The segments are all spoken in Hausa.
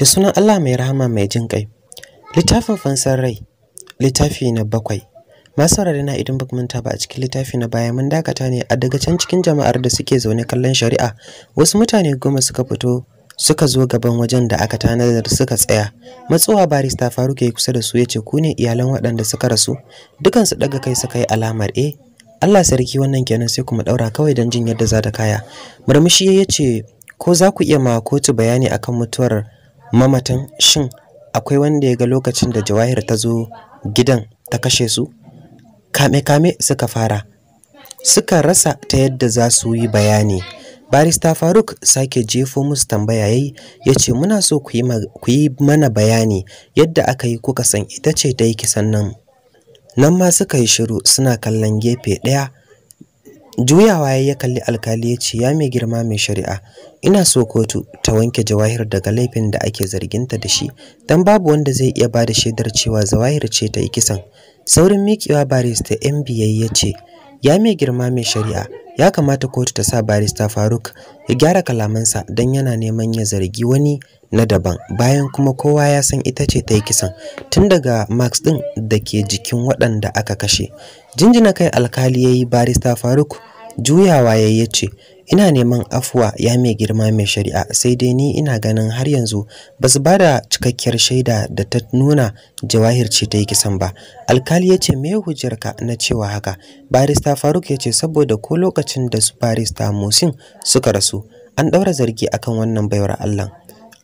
da sunan Allah mai rahama mai jin kai littafin fansar rai littafi na bakwai masaurari na idan baka manta ba a cikin littafi na baya mun dakata ne a daga can cikin jama'ar da suke zaune kallon shari'a wasu mutane goma suka fito suka zo gaban wajen da aka tanadar suka tsaya matsuwa barista faruk ya kusa da su yace ku ne iyalan waɗanda suka rasu dukansu daga kai suka yi alamar e Allah sarki wannan kenan sai kuma daura kawai don jin yadda za ta kaya murmushi ya ce ko za ku iya ma kotu bayani akan mutuwar mamatan shin akwai wanda ya ga lokacin da jawahir ta zo gidan ta kashe su kame-kame suka fara suka rasa ta yadda za su yi bayani barista faruk sake jefo musu tambaya yayi ya ce muna so ku yi mana bayani yadda aka yi kuka san ita ce ta yi kisan nan nan ma suka yi shiru suna kallon gefe ɗaya juyawa ya kalli alkali ya ce ya mai girma mai shari'a ina so kotu ta wanke jawahir daga laifin da ake zarginta da shi Don babu wanda zai iya ba da shaidar cewa zawahir ce ta yi kisan saurin miƙewa barista mba ya ce ya mai girma mai shari'a ya kamata kotu ta sa barista Faruk ya gyara kalamansa don yana neman ya zargi wani na daban bayan kuma kowa ya san ita ce ta yi kisan tun daga max din da ke jikin waɗanda aka kashe jinjina kai alkali ya yi barista Faruk juyawa ya ce ina neman afuwa ya mai girma mai shari'a sai dai ni ina ganin har yanzu ba su ba da cikakkiyar shaida da ta nuna jawahir ce ta yi kisan ba alkali ya ce me hujjarka na cewa haka barista faruk ya ce saboda ko lokacin da su barista musin suka rasu an ɗaura zargi akan wannan baiwar allah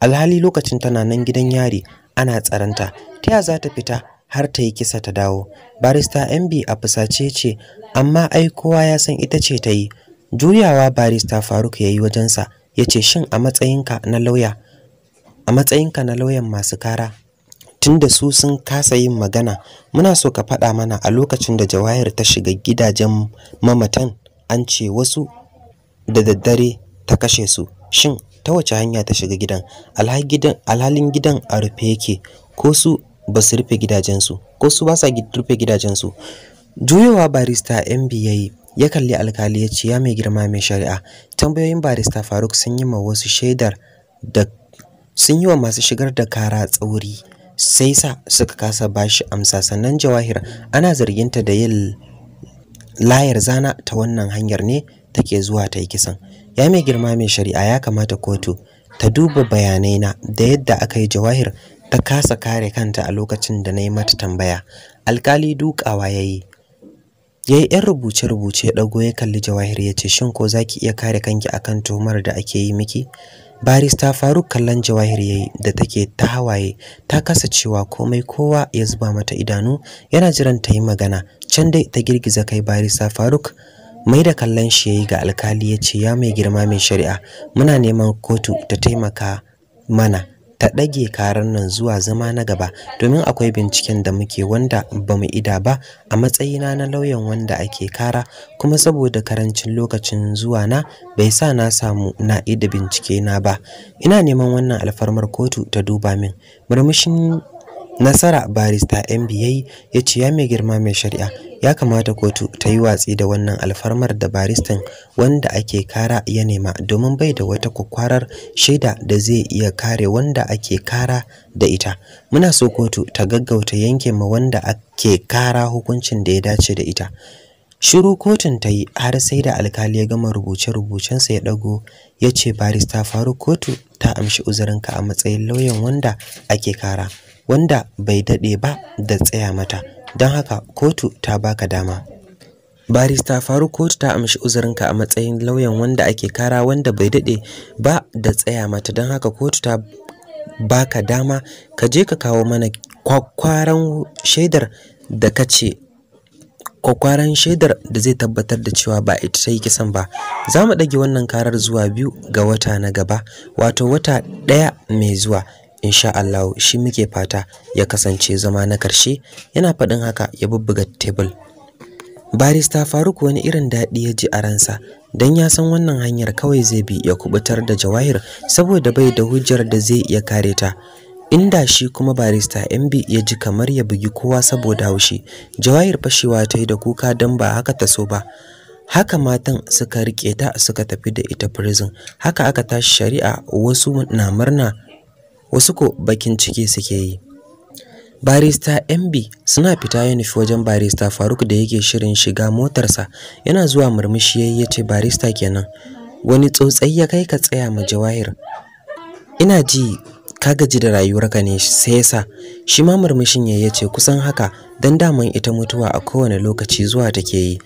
alhali lokacin tana nan gidan yari ana tsaranta ta ya za ta fita har ta yi kisa ta dawo barista mb a fusace ce amma ai kowa ya san ita ce ta yi Juyawa barista Faruk ya yi wajensa ya ce shin a matsayinka na lauya a matsayinka na lauyan masu kara tunda su sun kasa yin magana muna so ka faɗa mana a lokacin da jawahir ta shiga gidajen mamatan an ce wasu da daddare ta kashe su shin ta wace hanya ta shiga gidan alhalin gidan a rufe yake ko su ba su rufe gidajensu ko su ba sa rufe gidajensu juyowa barista mba ya kalli alkali ya ce ya mai girma mai shari'a tambayoyin barista Faruk sun yi ma wasu shaidar da sun yi wa masu shigar da kara tsauri sai sa suka kasa bashi amsa sannan Jawahir ana zarginta da yin layar zana ta wannan hanyar ne take zuwa ta yi kisan ya mai girma mai shari'a ya kamata kotu ta duba bayanai na da yadda aka yi Jawahir ta kasa kare kanta a lokacin da na yi mata tambaya alkali dukawa ya yi yayi yi 'yan rubuce-rubuce ɗago ya kalli jawahir ya ce shin ko zaki iya kare kanki akan tuhumar da ake yi miki barista faruk kallon jawahir yayi da take ta hawaye ta kasa cewa komai kowa ya zuba mata idanu yana jiran ta yi magana can dai ta girgiza kai barista faruk mai da kallon shi yayi ga alkali ya ce ya mai girma mai shari'a muna neman kotu ta taimaka mana ta ɗage karan nan zuwa zama na gaba domin akwai binciken da muke wanda ba mu ida ba a matsayina na lauyan wanda ake kara kuma saboda karancin lokacin zuwa na bai sa na samu na ida bincike na ba ina neman wannan alfarmar kotu ta duba min murmushin nasara barista 'yan ya ce ya mai girma mai shari'a ya kamata kotu ta yi watsi da wannan alfarmar da baristan wanda ake kara ya nema domin bai da wata kwakwarar shaida da zai iya kare wanda ake kara da ita muna so kotu ta gaggauta yanke ma wanda ake kara hukuncin da ya dace da ita shiru kotun ta yi har sai da alkali ya gama rubuce-rubucensa ya dago ya ce barista faru kotu ta amshi uzurinka a matsayin lauyan wanda ake kara wanda bai daɗe ba da tsaya mata don haka kotu ta baka dama barista faru kotu ta amshi uzurinka a matsayin lauyan wanda ake kara wanda bai daɗe ba da tsaya mata don haka kotu ta baka dama ka je ka kawo mana kwakwaran shaidar da ka ce kwakwaran shaidar da zai tabbatar da cewa ba ita ta yi kisan ba za mu ɗage wannan karar zuwa biyu ga wata na gaba wato wata ɗaya mai zuwa insha Allah shi muke fata ya kasance zama na karshe yana faɗin haka ya bubbuga table barista Faruk wani irin daɗi ya ji a ransa don ya san wannan hanyar kawai zai bi ya kubutar da Jawahir saboda bai da hujjar da zai iya kare ta inda shi kuma barista MB ya ji kamar ya bugi kowa saboda haushi Jawahir fashewa ta yi da kuka don ba haka ta so ba haka matan suka rike ta suka tafi da ita prison haka aka tashi shari'a wasu na murna wasu ko bakin ciki suke yi barista mb suna fita yunif wajen barista faruk da yake shirin shiga motarsa yana zuwa murmushi yayi yace barista kenan wani tsotsai ya kai ka tsaya ma jawahir ina ji ka gaji da rayuwarka ne sai yasa shi ma murmushin yayi yace kusan haka dan daman ita mutuwa a kowane lokaci zuwa take yi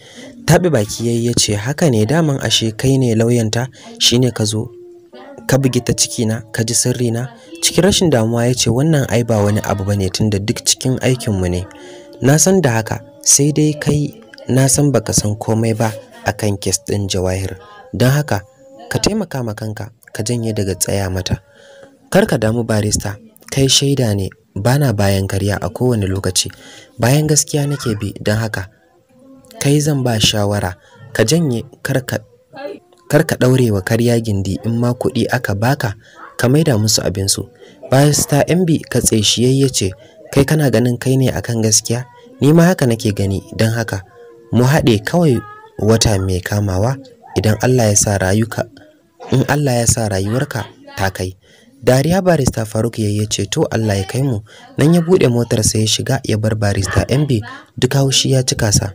tabi baki yayi yace haka ne daman ashe kai ne lauyanta shine ka zo ka bugi ta cikina ka ji sirrina cikin rashin damuwa ya ce wannan ai ba wani abu bane tunda duk cikin aikinmu ne na san da haka sai dai kai na san baka san komai ba akan kes ɗin jawahir don haka ka taimaka ma kanka ka janye daga tsaya mata kar ka damu barista kai shaida ne bana bayan karya a kowane lokaci bayan gaskiya nake bi don haka kai zan ba shawara ka janye kar ka kar ka daure wa karya gindi in ma kuɗi aka baka ka maida musu abin su bayan star MB ka tseshiyayye ce kai kana ganin kai ne akan gaskiya ni ma haka nake gani dan haka mu haɗe kawai wata mai kamawa idan Allah ya sa rayuka in Allah ya sa rayuwarka ta kai Dariya barista Faruk yayye ce to Allah ya kai mu nan ya bude motar sa ya shiga ya bar barista MB duk haushi ya cika sa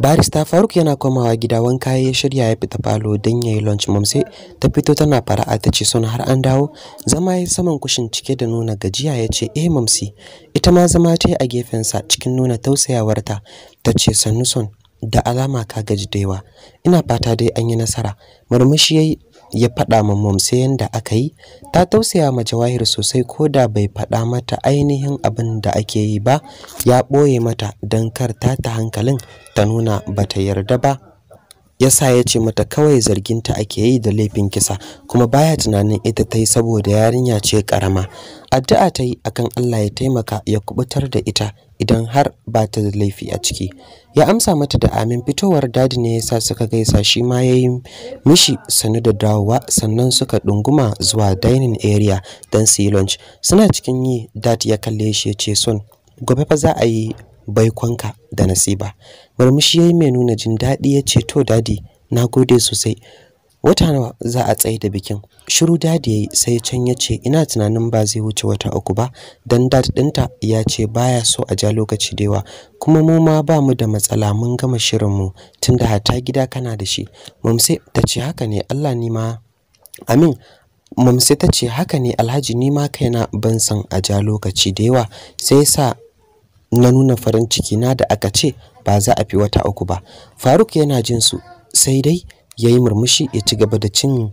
barista faruk yana komawa gida wanka ya shirya ya fita falo don ya yi lunch Mamsi ta fito tana fara'a ta ce suna, har an dawo zama ya saman kushin cike da nuna gajiya ya ce eh mamsi ita ma zama ta yi a gefensa cikin nuna tausayawarta ta ce sannu son da alama ka gaji da yawa ina fata dai an yi nasara murmushi ya yi ya faɗa ma mom sai yanda aka yi ta tausaya ma Jawahir sosai ko da bai faɗa mata ainihin abin da ake yi ba ya ɓoye mata don kar ta ta hankalin ta nuna bata yarda ba yasa ya ce mata kawai zarginta ake yi da laifin kisa kuma baya tunanin ita ta yi saboda yarinya ce karama addu'a ta yi akan Allah ya taimaka ya kubutar da ita idan har ba ta da laifi a ciki ya amsa mata da amin fitowar dadi ne yasa suka gaisa shi ma ya yi mishi sanu da dawowa sannan suka dunguma zuwa dining area don su yi lunch suna cikin yi dad ya kalle shi ya ce son gobe fa za a yi baikonka da nasiba murmushi yi mai nuna jin daɗi ya ce to dadi na gode sosai wata nawa za a tsaye da bikin shiru dadi ya yi, sai can ya ce ina tunanin ba zai wuce wata uku ba Don dad ɗinta ya ce baya so a ja lokaci da yawa kuma mu ma ba mu da matsala mun gama shirin mu tunda hata gida kana da shi mamse ta ce haka ne Allah ni ma amin mamse alhaji ni ma kaina ban san a ja lokaci da yawa sai sa na nuna farin ciki na da aka ce ba za a fi wata uku ba faruk yana jin su sai dai ya yi murmushi ya ci gaba da cin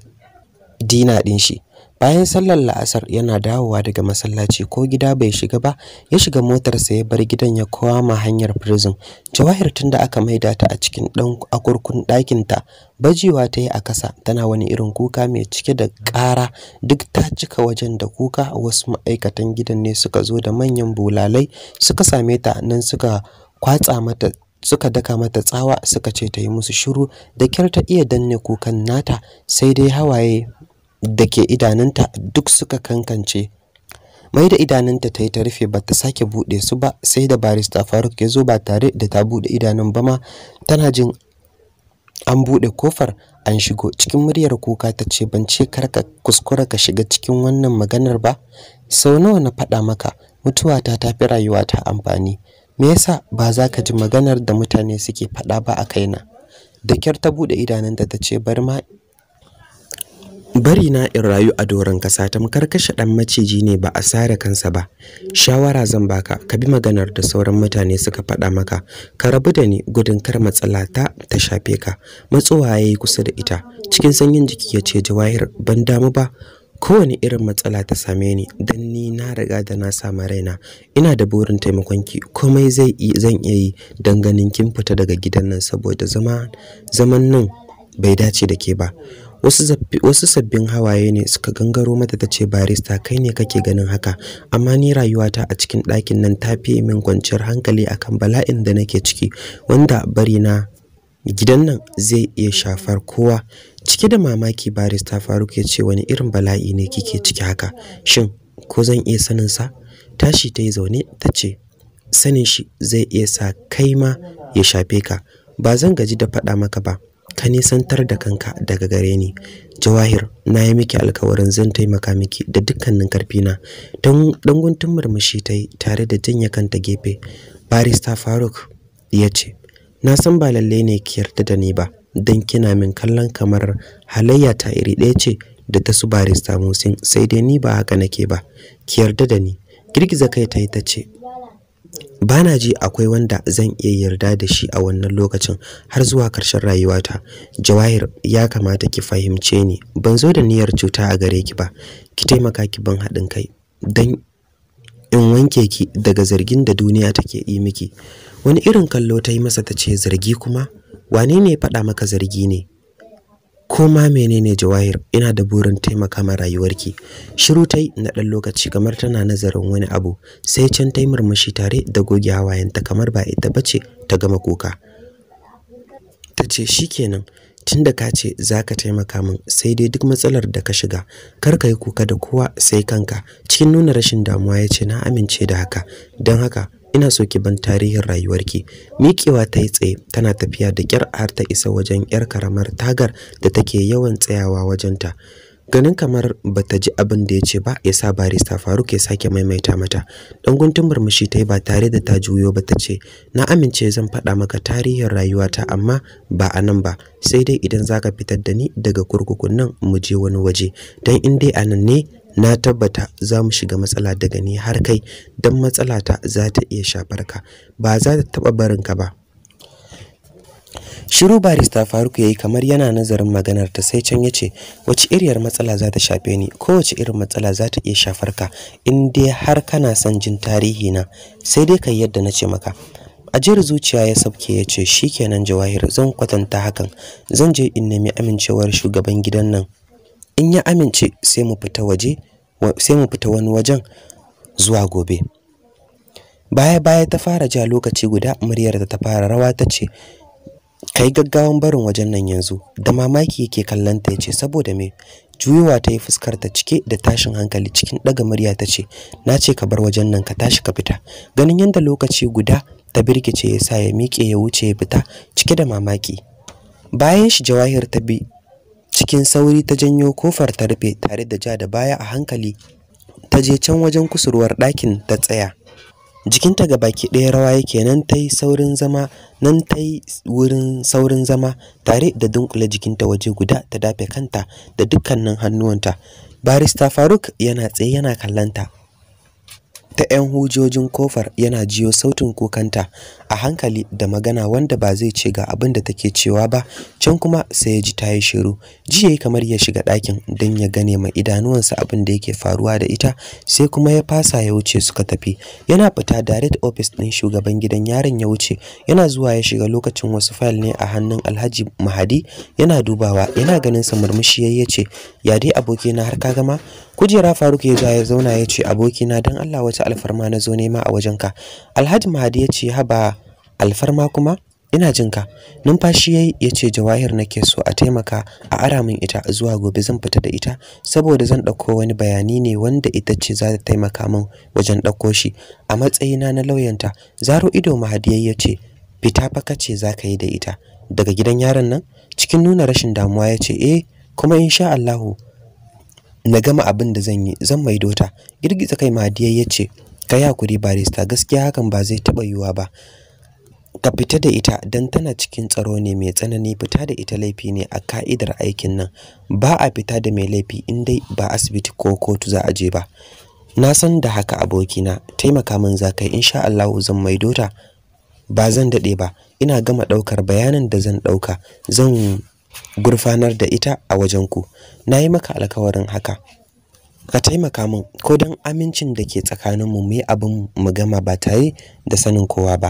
dina ɗin shi bayan sallar la'asar yana dawowa daga masallaci ko gida bai shiga ba ya shiga motarsa ya bar gidan ya kwama hanyar prison jawahir tunda aka maida ta a cikin dan akurkun ɗakin ta bajiwa ta yi a kasa tana wani irin kuka mai cike da ƙara duk ta cika wajen da kuka wasu ma'aikatan gidan ne suka zo da manyan bulalai suka same ta nan suka kwatsa mata suka daka mata tsawa suka ce ta yi musu shiru da kyar ta iya danne kukan nata sai dai hawaye da ke idanunta duk suka kankance mai da idanunta ta yi ta rufe ba ta sake buɗe su ba sai da barista faruk ya zo ba tare da ta buɗe idanun ba ma tana jin an buɗe kofar an shigo cikin muryar kuka ta ce ban ce kar ka kuskura ka shiga cikin wannan maganar ba sau nawa na faɗa maka mutuwa ta tafi rayuwa ta amfani me yasa ba za ka ji maganar da mutane suke faɗa ba a kaina da kyar ta buɗe idanunta ta ce bar ma bari na in rayu a doron kasa tamkar kashe dan maciji ne ba a sare kansa ba shawara zan baka ka bi maganar da sauran mutane suka faɗa maka ka rabu da ni gudun kar matsala ta ta shafe ka matsuwa yayi kusa da ita cikin sanyin jiki ya ce jawahir ban damu ba kowane irin matsala ta same ni dan ni na riga da na samu raina ina da burin taimakon ki komai zai zan iya yi dan ganin kin fita daga gidan nan saboda zama zaman nan bai dace da ke ba wasu sabbin hawaye ne suka gangaro mata ta ce barista kai ne kake ganin haka amma ni rayuwata a cikin ɗakin nan ta fi min kwanciyar hankali akan bala'in da nake ciki wanda bari na gidan nan zai iya shafar kowa cike da mamaki barista faruk ya ce wani irin bala'i ne kike ciki haka shin ko zan iya sanin sa tashi ta yi zaune ta ce sanin shi zai iya sa kai ma ya shafe ka ba zan gaji da faɗa maka ba ka nisantar da kanka daga gare ni jawahir na yi miki alkawarin zan taimaka miki da dukkanin karfina don Danguntun murmushi ta yi tare da janye kanta gefe barista faruk ya ce na san ba lalle ne ki yarda da ni ba don kina min kallon kamar halayya ta iri ɗaya ce da ta su barista musin sai dai ni ba haka nake ba ki yarda da ni girgiza kai ta yi ta ce bana ji akwai wanda zan iya yarda da shi a wannan lokacin har zuwa ƙarshen rayuwata jawahir ya kamata ki fahimce ni ban zo da niyyar cuta a gare ki ba ki taimaka ki ban haɗin kai don in wanke ki daga zargin da duniya take yi miki wani irin kallo ta yi masa ta ce zargi kuma wane ne faɗa maka zargi ne ko ma menene jawahir ina da burin taimaka ma rayuwarki shiru tai na ɗan lokaci kamar tana nazarin wani abu sai can tai murmushi tare da goge hawayenta kamar ba ita bace ta gama kuka tace shikenan tunda ka ce zaka taimaka min sai dai duk matsalar da ka shiga kar ka yi kuka da kowa sai kanka cikin nuna rashin damuwa ya ce na amince da haka don haka ina so ki ban tarihin rayuwarki miƙewa ta yi tsaye tana tafiya da ƙyar har ta isa wajen ƴar karamar tagar da take yawan tsayawa wajenta ganin kamar ba ta ji abin da ya ce ba ya sa barista faruk ya sake maimaita mata Ɗan guntun murmushi ta yi ba tare da ta juyo ba ta ce na amince zan faɗa maka tarihin rayuwata amma ba a nan ba sai dai idan zaka fitar da ni daga kurkukun nan mu je wani waje don in dai a nan ne na tabbata za mu shiga matsala daga ni har kai don matsala ta za ta iya shafar ka ba za ta taɓa barin ka ba shiru barista faruk ya yi kamar yana nazarin maganar ta sai can ya ce wace iriyar matsala za ta shafe ni kowace irin matsala za ta iya shafar ka in dai har kana son jin tarihi na sai dai kai yadda na ce maka ajiyar zuciya ya sauke ya ce shikenan jawahir zan kwatanta hakan zan je in nemi amincewar shugaban gidan nan in ya amince sai mu fita waje sai mu fita wani wajen zuwa gobe baya baya ta fara ja lokaci guda muryar ta fara rawa ta ce kai gaggawan barin wajen nan yanzu da mamaki yake kallon ta ce, saboda me juyowa ta yi fuskar ta cike da tashin hankali cikin daga murya ta ce na ce ka bar wajen nan ka tashi ka fita ganin yadda lokaci guda ta birkice ya sa ya miƙe ya wuce ya fita cike da mamaki bayan shi jawahir ta bi cikin sauri ta janyo kofar ta rufe tare da ja da baya a hankali ta je can wajen kusurwar ɗakin ta tsaya jikinta ga baki ɗaya rawa yake nan ta yi saurin zama nan ta yi wurin saurin zama tare da dunkule jikinta waje guda ta dafe kanta da dukkanin hannuwanta barista faruk yana tsaye yana kallanta ta 'yan hujojin kofar yana jiyo sautin kukanta a hankali da magana wanda ba zai ce ga abin da take cewa ba can kuma sai ya ji ta yi shiru ji yayi kamar ya shiga ɗakin don ya gane ma idanuwansa abin da yake faruwa da ita sai kuma ya fasa ya wuce suka tafi yana fita direct office ɗin shugaban gidan yaron ya wuce yana zuwa ya shiga lokacin wasu fayil ne a hannun alhaji mahadi yana dubawa yana ganin sa murmushi ya ce ya dai abokina har ka gama kujera faruk ya ya zauna ya ce abokina don allah wata alfarma na zo nema a wajenka alhaji mahadi ya ce haba alfarma kuma ina jinka numfashi yayi ce jawahir nake so a taimaka a aramin ita zuwa gobe zan fita da ita saboda zan ɗauko wani bayani ne wanda ita ce za ta taimaka min wajen ɗauko shi a matsayina na lauyanta zaro ido ya ce, fita fa kace ka yi da ita daga gidan yaron nan cikin nuna rashin damuwa ya ce eh kuma insha Allahu. na gama abin da zan yi zan maido ta girgiza kai mahadiya ya ce ka yi hakuri barista gaskiya hakan ba zai taɓa yiwuwa ba ka fita da ita dan tana cikin tsaro ne mai tsanani fita da ita laifi ne a ka'idar aikin nan ba a fita da mai laifi in dai ba asibiti ko kotu za a je ba na san da haka abokina taimaka min za kai insha Allah zan maido ta ba zan dade ba ina gama ɗaukar bayanan da zan ɗauka zan gurfanar da ita a wajen ku na yi maka alkawarin haka ka taimaka min ko don amincin da ke tsakaninmu mu yi abin mu gama ba tare da sanin kowa ba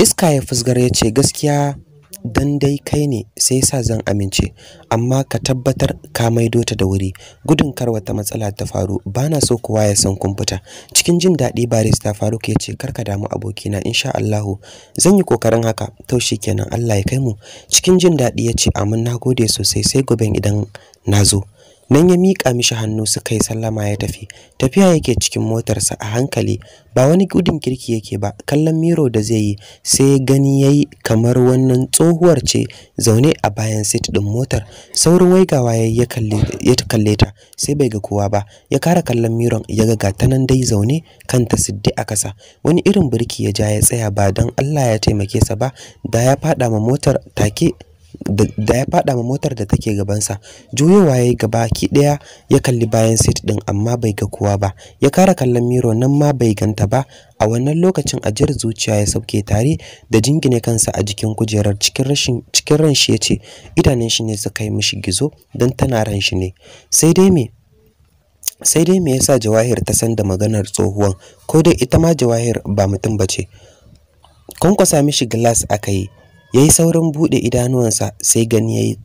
iska ya fusgar ya ce gaskiya dan dai kai ne sai sa zan amince amma ka tabbatar ka maido ta da wuri gudun kar wata matsala ta faru bana so kowa ya san kun cikin jin daɗi barista Faruk ya ce kar ka damu abokina insha Allah zan yi kokarin haka to shikenan Allah ya kai mu cikin jin daɗi ya ce amin nagode sosai sai gobe idan nazo nan ya mika mishi hannu suka yi sallama ya tafi tafiya yake cikin motarsa a hankali ba wani gudun kirki yake ba kallon miro da zai yi sai gani ya yi kamar wannan tsohuwar ce zaune a bayan sit ɗin motar saurin waigawa ya ya kalle ta sai bai ga kowa ba ya kara kallon miron ya ga gata nan dai zaune kanta siddi a ƙasa. wani irin birki ya ja ya tsaya ba don Allah ya taimake sa ba da ya faɗa ma motar take da ya fada ma motar da take gabansa juyowa ya yi gaba ki daya ya kalli bayan sit ɗin amma bai ga kowa ba ya kara kallon miro nan ma bai ganta ba a wannan lokacin ajiyar zuciya ya sauke tare da jingine kansa a jikin kujerar cikin rashin ran shi yace idanun shi ne suka yi mishi gizo dan tana ran shi ne sai dai me sai dai me yasa jawahir ta san da maganar tsohuwan ko dai ita ma jawahir ba mutum bace kwankwasa mishi glass aka yi Yayi yi saurin bude idanuwansa sai gani ya yi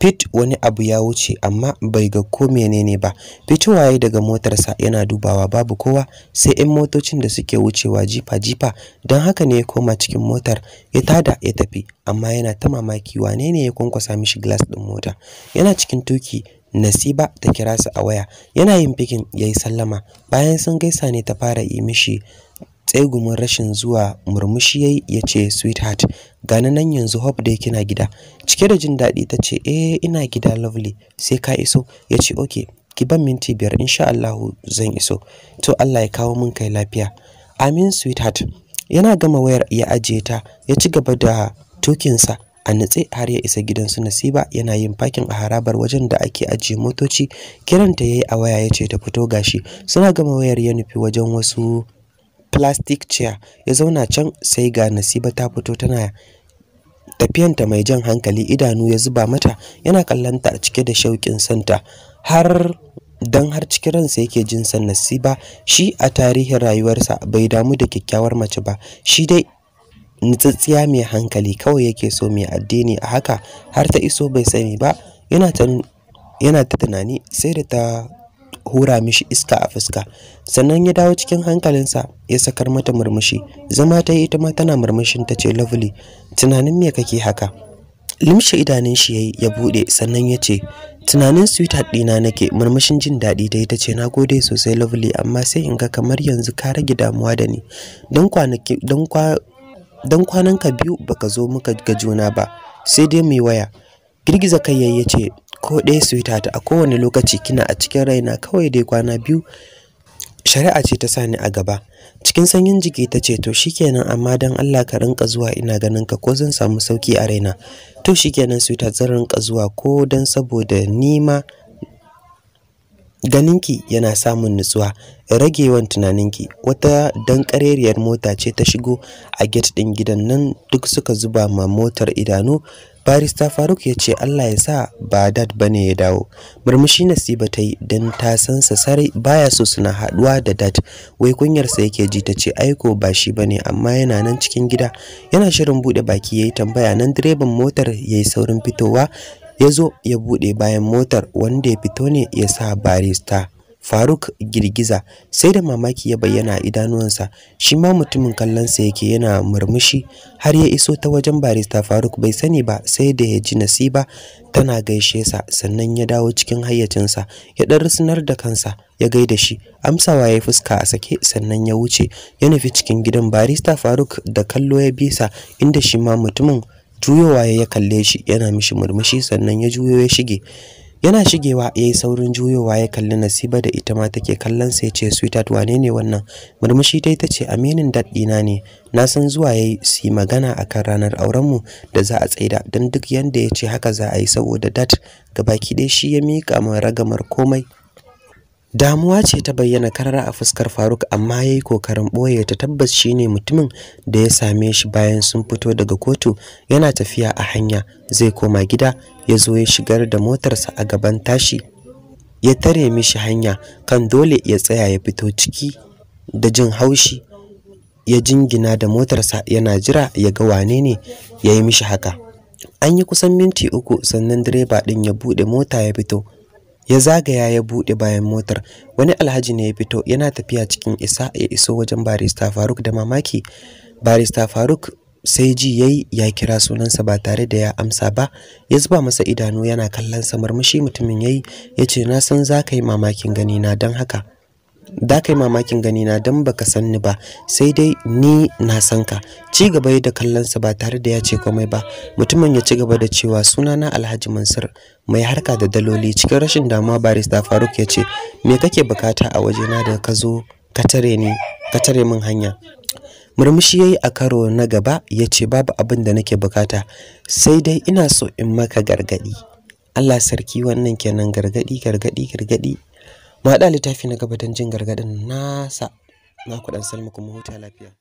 fit wani abu ya wuce amma bai ga ko menene ba fitowa yayi daga motarsa yana dubawa babu kowa sai 'yan motocin da suke wucewa jifa jifa don haka ne ya koma cikin motar ya tada ya tafi amma yana ta mamaki wane ne ya kwankwasa mishi glass din mota yana cikin tuki Nasiba ta kira a waya yana yin fikin yayi sallama bayan sun gaisa ne ta fara yi mishi tsegumin rashin zuwa murmushi yayi yace sweetheart gani nan yanzu hope dai kina gida cike da jin daɗi ce, eh ina gida lovely sai ka iso yace okay ki ban minti biyar insha Allah zan iso to Allah ya kawo min kai lafiya amin sweetheart yana gama wayar ya ajiye ta ya ci gaba da tukinsa a nutse har ya isa gidan su Nasiba yana yin fakin a harabar wajen da ake ajiye motoci kiranta yayi a waya yace ta fito gashi suna gama wayar ya nufi wajen wasu plastic chair ya zauna can sai ga Nasiba ta fito tana tafiyanta mai jan hankali idanu ya zuba mata yana kallanta a cike da shauƙin santa har dan har cikin ransa yake jin san Nasiba shi a tarihin rayuwarsa bai damu da kyakkyawar mace ba shi dai nutsatsiya mai hankali kawai yake so mai addini a haka har ta iso bai sani ba yana ta tunani sai da ta hura mishi iska a fuska sannan ya dawo cikin hankalinsa ya sakar mata murmushi zama ta yi ita ma tana murmushin ta ce lovely tunanin me kake haka limshe idanun shi yayi ya bude sannan ya ce tunanin sweetheart dina nake murmushin jin daɗi da ita ce nagode sosai lovely amma sai in ga kamar yanzu ka rage damuwa da ni don kwanaki don kwa dan kwananka biyu baka zo muka ga juna ba sai dai mai waya girgiza kai yayi ya ce ko ɗaya ta, a kowane lokaci kina a cikin raina kawai dai kwana biyu shari'a ce ta sani a gaba cikin sanyin jiki ta ce to shikenan amma dan Allah ka rinka zuwa ina ganin ka ko zan samu sauki a raina to shikenan sweetheart zan rinka zuwa ko dan saboda ni ganinki yana samun nutsuwa rage yawan tunaninki wata dan kareriyar mota ce ta shigo a gate din gidan nan duk suka zuba ma motar idanu barista faruk ya ce allah ya sa ba dad bane ya dawo murmushi nasiba ta yi don ta san sa sarai baya so suna haduwa da dad wai kunyarsa yake ji ta ce aiko ba shi bane amma yana nan cikin gida yana shirin bude baki ya yi tambaya nan direban motar ya yi saurin fitowa ya zo ya bude bayan motar wanda ya fito ne ya sa barista Faruk girgiza sai da mamaki ya bayyana a idanuwansa shi ma mutumin kallonsa yake yana murmushi har ya iso ta wajen barista Faruk bai sani ba sai da ya ji Nasiba tana gaishe sa sannan ya dawo cikin hayyacinsa ya dan rusunar da kansa ya gaida shi amsawa ya fuska a sake sannan ya wuce ya nufi cikin gidan barista Faruk da kallo ya bisa inda shi ma mutumin juyowa ya kalle shi yana mishi murmushi sannan ya juyo ya shige yana shigewa yayi saurin juyowa ya kalli Nasiba da ita ma take kallon sa yace sweetheart wane ne wannan murmushi tai tace aminin dad dina ne na san zuwa yayi yi magana akan ranar auren mu da za a tsaida dan duk yanda yace haka za a yi saboda dad gabaki dai shi ya mika min ragamar komai Damuwa ce ta bayyana karara a fuskar Faruk amma yayi kokarin boye ta tabbas shine mutumin da ya same shi bayan sun fito daga kotu yana tafiya a hanya zai koma gida ya zo ya shigar da motarsa a gaban tashi ya tare mishi hanya kan dole ya tsaya ya fito ciki da jin haushi ya jingina da motarsa yana jira ya ga wane ne ya yi mishi haka an yi kusan minti uku sannan direba din ya buɗe mota ya fito ya zagaya ya buɗe bayan motar wani alhaji ne ya fito yana tafiya cikin isa ya iso wajen barista faruk da mamaki barista faruk sai ji yayi ya kira sunansa ba tare da ya amsa ba ya zuba masa idanu yana kallon sa murmushi mutumin ya ce na san za ka yi mamakin gani na don haka da kai mamakin gani na dan baka san ni ba sai dai ni na san ka ci gaba da kallon sa ba tare da ya ce komai ba mutumin ya ci gaba da cewa sunana Alhaji Mansur mai harka da daloli cikin rashin damuwa barista Faruk ya ce me kake bukata a waje na da ka zo ka tare ni ka tare min hanya murmushi yayi a karo na gaba ya ce babu abin da nake bukata sai dai ina so in maka gargadi Allah sarki wannan kenan gargadi gargadi gargadi mu haɗa littafi na gaba don jin gargaɗin nasa na kuɗan salma kuma huta lafiya